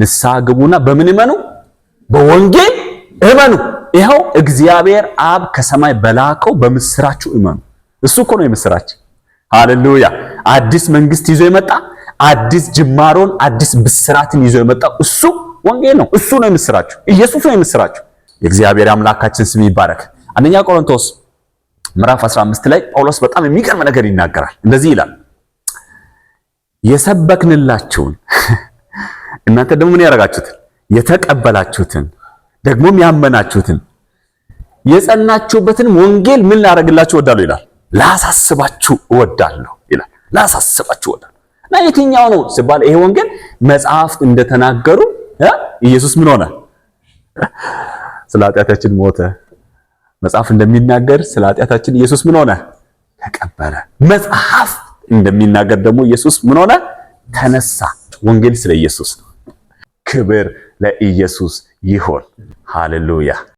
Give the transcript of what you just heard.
ንስሐ ግቡና በምን እመኑ? በወንጌል እመኑ። ይኸው እግዚአብሔር አብ ከሰማይ በላከው በምስራችሁ እመኑ። እሱ እኮ ነው የምስራች። ሃሌሉያ! አዲስ መንግስት ይዞ የመጣ አዲስ ጅማሮን አዲስ ብስራትን ይዞ የመጣ እሱ ወንጌል ነው። እሱ ነው የምስራችሁ። ኢየሱስ ነው የምስራችሁ። የእግዚአብሔር አምላካችን ስም ይባረክ። አንደኛ ቆሮንቶስ ምዕራፍ 15 ላይ ጳውሎስ በጣም የሚገርም ነገር ይናገራል። እንደዚህ ይላል የሰበክንላችሁን እናንተ ደግሞ ምን ያደረጋችሁትን የተቀበላችሁትን ደግሞም ያመናችሁትን የጸናችሁበትን ወንጌል ምን ላደርግላችሁ እወዳለሁ ይላል። ላሳስባችሁ እወዳለሁ ይላል። ላሳስባችሁ እወዳለሁ እና የትኛው ነው ሲባል ይሄ ወንጌል መጽሐፍት እንደተናገሩ ኢየሱስ ምን ሆነ? ስለ ኃጢአታችን ሞተ። መጽሐፍ እንደሚናገር ስለ ኃጢአታችን ኢየሱስ ምን ሆነ? ተቀበለ። መጽሐፍ እንደሚናገር ደግሞ ኢየሱስ ምን ሆነ? ተነሳ። ወንጌል ስለ ኢየሱስ ነው። ክብር ለኢየሱስ ይሆን። ሃሌሉያ